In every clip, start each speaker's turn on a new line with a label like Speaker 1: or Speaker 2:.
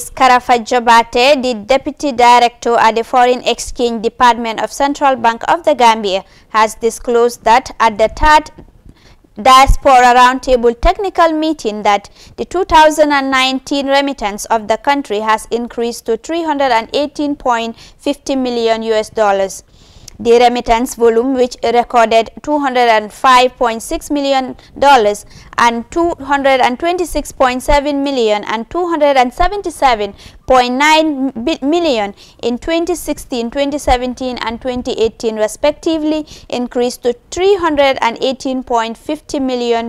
Speaker 1: Skarafa Jobate, the Deputy Director at the Foreign Exchange Department of Central Bank of the Gambia, has disclosed that at the third Diaspora Roundtable technical meeting that the 2019 remittance of the country has increased to 318.50 million US dollars. The remittance volume which recorded $205.6 million and $226.7 million and $277.9 million in 2016, 2017 and 2018 respectively increased to $318.50 million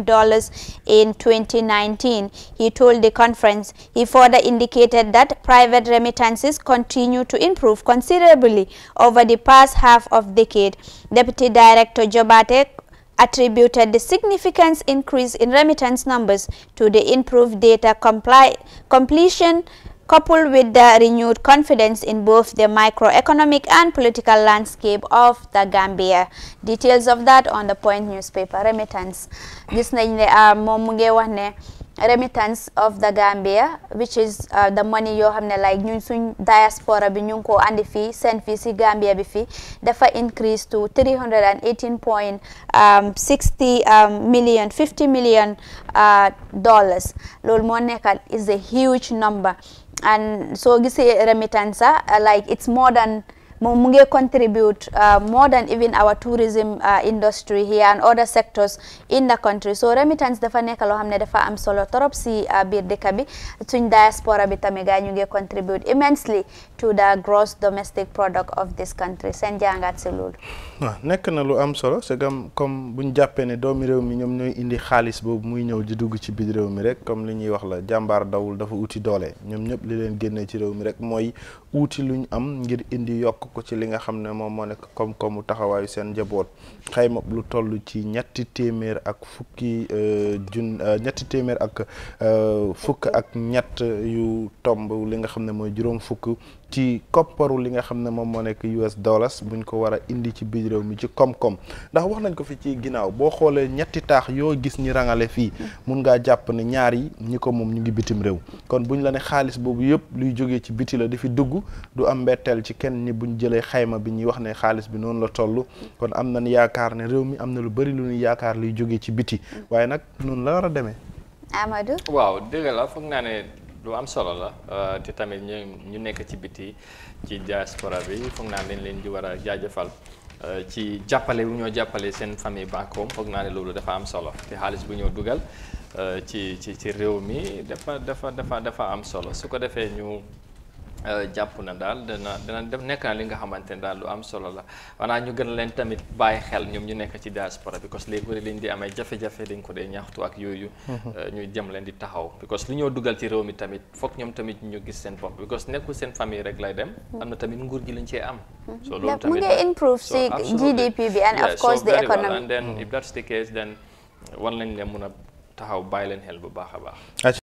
Speaker 1: in 2019. He told the conference. He further indicated that private remittances continue to improve considerably over the past half of of decade. Deputy Director Jobatek attributed the significant increase in remittance numbers to the improved data completion coupled with the renewed confidence in both the microeconomic and political landscape of the Gambia. Details of that on the Point newspaper remittance. This nañ ne ah, remittance of the Gambia which is uh, the money yoo xam ne like ñun suñ diaspora bi ñu ko andi fii seen fii si Gambia bi fii dafa increase to 318 point 60 um, million 50 million uh, dollars loolu moo nekkal is a huge number and soo gisee remittance uh, like it's more than moom mu ngi contribute uh, more than even our tourism uh, industry here and other sectors in the country so remittance dafa nekk loo xam ne dafa am solo torop si uh, biir dëkk bi suñ diaspora bi tamit ga ñu ngi contribute immensely to the gross domestic product of this country seen jàngat si loolu
Speaker 2: waaw nekk na lu am solo c'est comme bu ñu jàppee ne doomi réew mi ñoom ñooy indi xaalis boobu muy ñëw di dugg ci biir réew mi rek comme li ñuy wax la jàmbaar dawul dafa uti doole ñoom ñëpp li leen génnee ci réew mi rek mooy uuti lu ñu am ngir indi yokk ko ci li nga xam ne moom moo nekk koom-koomu taxawaayu seen njaboot xayma lu toll ci ñetti téeméer ak fukki euh, jun euh, ñetti téeméer ak euh, fukk ak ñett yu tomb li nga xam ne mooy juróom fukk ci kopparu li nga xam ne moom moo nekk US dollars buñ ko war a indi ci biir Rumi, réew mi ci kom kom ndax wax nañ ko fi ci ginaaw bo xolé ñetti tax yo gis ñi rangalé fi mun nga japp ni ñaar yi ñiko mom ñu ngi bitim réew kon buñ la né xaaliss bobu yépp luy joggé ci biti la di dugg du am mbetteel ci kenn ni buñ jëlé xayma bi ñi wax né xaaliss bi non la tollu kon am nañ yaakar né réew mi am na lu bari lu ñu yaakar luy joggé ci biti waaye nak non la wara démé
Speaker 1: Amadou
Speaker 3: waaw dëgg la foog na né lu am solo la euh, té tamit ñu nekk ci biti ci diaspora bi foog na leen leen di wara jaajeufal Euh, ci jàppale bu ñoo jàppale seen famille back home foog naa ne loolu dafa am solo te xaalis bu ñoo dugal euh, ci ci ci réew mi dafa dafa dafa dafa am solo su ko defee ñu Eh, jàpp na daal dana dana def nekk na li nga xamante ne lu am solo la wanaa ñu gën leen tamit bàyyi xel ñoom ñu nekk ci diaspora because léegi kuréel liñ di amee jafe-jafe dañ ko dee ñaxtu ak yooyu ñu jëm leen di taxaw because lu ñoo dugal ci réew mi tamit foog ñoom tamit ñu gis seen bopp because nekkul seen famille rek lay dem mhm. am na tamit nguur gi lañ cee am
Speaker 1: mhm. so loolu tamit mu ngi improve si GDP bi and of course the economy and
Speaker 3: then if that's the case then one nañ leen mun a taxaw bàyyi leen xel bu baax
Speaker 1: baax